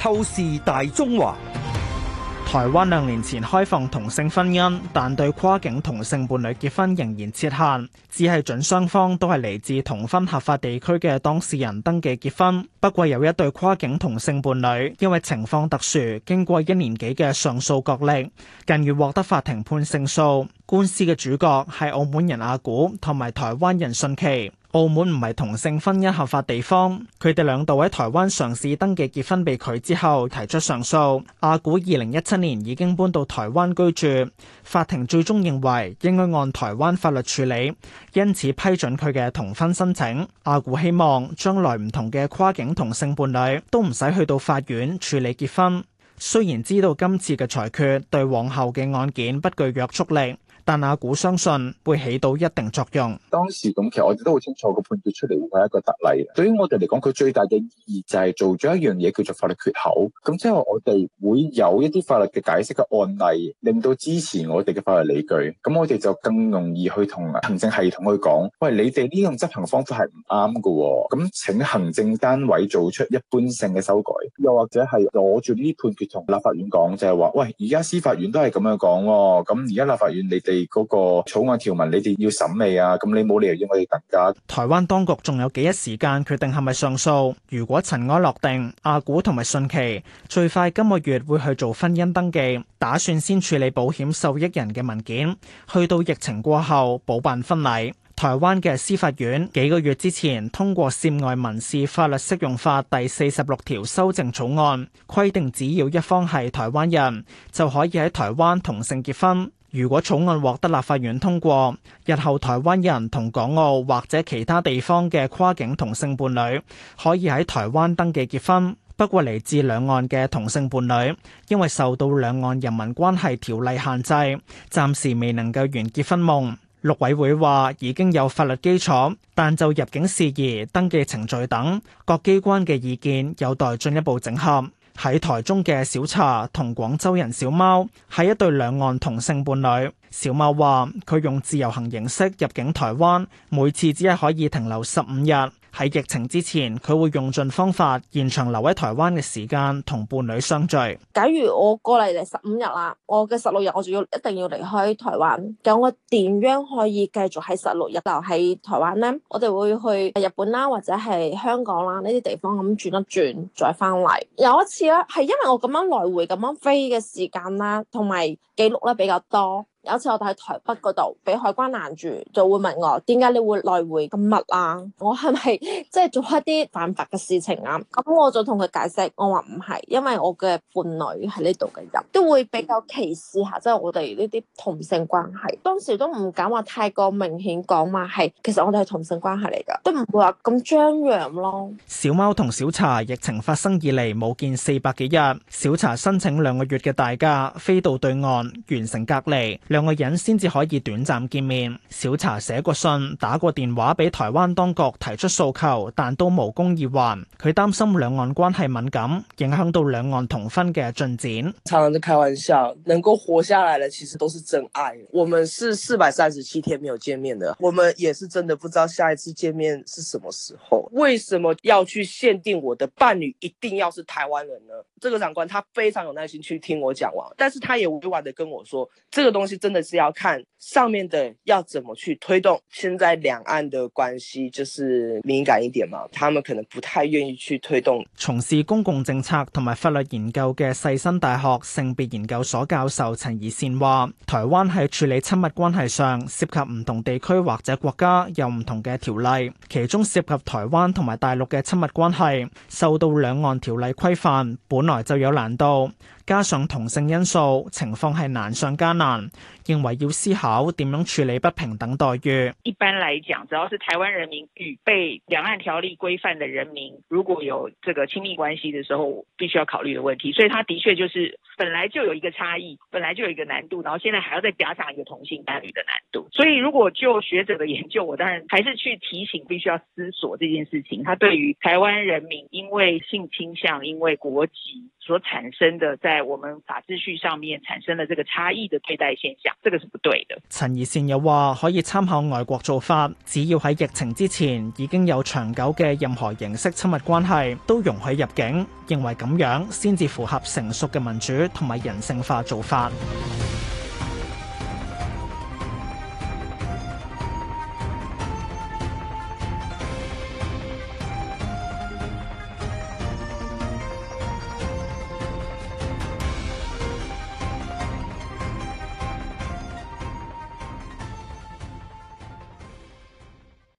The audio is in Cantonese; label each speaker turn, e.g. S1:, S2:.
S1: 透視大中華，台灣兩年前開放同性婚姻，但對跨境同性伴侶結婚仍然設限，只係准雙方都係嚟自同婚合法地區嘅當事人登記結婚。不過有一對跨境同性伴侶，因為情況特殊，經過一年幾嘅上訴角力，近月獲得法庭判勝訴。官司嘅主角係澳門人阿古同埋台灣人信琪。澳門唔係同性婚姻合法地方，佢哋兩度喺台灣嘗試登記結婚被拒之後提出上訴。阿古二零一七年已經搬到台灣居住。法庭最終認為應該按台灣法律處理，因此批准佢嘅同婚申請。阿古希望將來唔同嘅跨境同性伴侶都唔使去到法院處理結婚。雖然知道今次嘅裁決對往後嘅案件不具約束力。但阿古相信會起到一定作用。當時咁，其實我哋都好清楚個判決出嚟會係一個特例。對於我哋嚟講，佢最大嘅意義就係做咗一樣嘢，叫做法律缺口。咁即係話我哋會有一啲法律嘅解釋嘅案例，令到支持我哋嘅法律理據。咁我哋就更容易去同行政系統去講，喂，你哋呢種執行方法係唔啱噶。咁請行政單位做出一般性嘅修改，又或者係攞住呢啲判決同立法院講，就係話，喂，而家司法院都係咁樣講。咁而家立法院，你哋。嗰個草案條文，你哋要審理啊？咁你冇理由應我哋大家。台灣當局仲有幾日時間決定係咪上訴，如果塵埃落定，阿古同埋信琪最快今個月會去做婚姻登記，打算先處理保險受益人嘅文件，去到疫情過後補辦婚禮。台灣嘅司法院幾個月之前通過《涉外民事法律適用法》第四十六條修正草案，規定只要一方係台灣人，就可以喺台灣同性結婚。如果草案獲得立法院通過，日後台灣人同港澳或者其他地方嘅跨境同性伴侶可以喺台灣登記結婚。不過嚟自兩岸嘅同性伴侶，因為受到兩岸人民關係條例限制，暫時未能夠完結婚夢，陸委會話已經有法律基礎，但就入境事宜、登記程序等各機關嘅意見有待進一步整合。喺台中嘅小茶同廣州人小貓係一對兩岸同性伴侶，小貓話佢用自由行形式入境台灣，每次只係可以停留十五日。喺疫情之前，佢會用盡方法延長留喺台灣嘅時間，同伴侶相聚。
S2: 假如我過嚟嚟十五日啦，我嘅十六日我就要一定要離開台灣，咁我點樣可以繼續喺十六日留喺台灣呢？我哋會去日本啦，或者係香港啦呢啲地方咁轉一轉，再翻嚟。有一次咧，係因為我咁樣來回咁樣飛嘅時間啦，同埋記錄咧比較多。有次我哋喺台北嗰度俾海關攔住，就會問我，點解你會來回咁密啊？我係咪即係做一啲犯法嘅事情啊？咁我就同佢解釋，我話唔係，因為我嘅伴侶係呢度嘅人，都會比較歧視下，即係我哋呢啲同性關係。當時都唔敢話太過明顯講話，係其實我哋係同性關係嚟噶，都唔會話咁張揚咯。
S1: 小貓同小茶疫情發生以嚟冇見四百幾日，小茶申請兩個月嘅大假，飛到對岸完成隔離。兩個人先至可以短暫見面。小茶寫過信、打過電話俾台灣當局提出訴求，但都無功而還。佢擔心兩岸關係敏感，影響到兩岸同婚嘅進展。常常在開玩笑，能夠活下來嘅其實都是真愛。我們是四百三十七天沒有見面的，我們也是真的不知道下一次見面是什麼時候。為什麼要去限定我的伴侶一定要是台灣人呢？這個長官他非常有耐心去聽我講話，但是他也委婉地跟我說這個東西。真的是要看上面的要怎麼去推動，現在兩岸的關係就是敏感一點嘛，他們可能不太願意去推動。從事公共政策同埋法律研究嘅世新大學性別研究所教授陳宜倩話，台灣喺處理親密關係上涉及唔同地區或者國家有唔同嘅條例，其中涉及台灣同埋大陸嘅親密關係受到兩岸條例規範，本來就有難度。加上同性因素，情況係難上加難。認為要思考點樣處理不平等待遇。
S3: 一般來講，只要是台灣人民與被《兩岸條例》規範的人民如果有這個親密關係的時候，必須要考慮的問題。所以他的確就是本來就有一個差異，本來就有一個難度，然後現在還要再加上一個同性伴侶的難度。所以如果就學者的研究，我當然還是去提醒，必須要思索這件事情。他對於台灣人民因為性傾向，因為國籍。所產生的在我們法秩序上面產生的這個差異的對待現象，這個是不
S1: 對的。陳儀善又話，可以參考外國做法，只要喺疫情之前已經有長久嘅任何形式親密關係，都容許入境，認為咁樣先至符合成熟嘅民主同埋人性化做法。